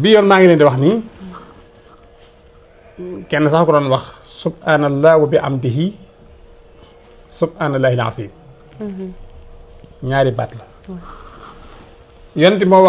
bi yoon maa ngi leen di wax nii kenn sax ko doon wax subhanallah wa bi amdihi subhanallahil azim mm-hmm. ñaari baat la yonent moo wax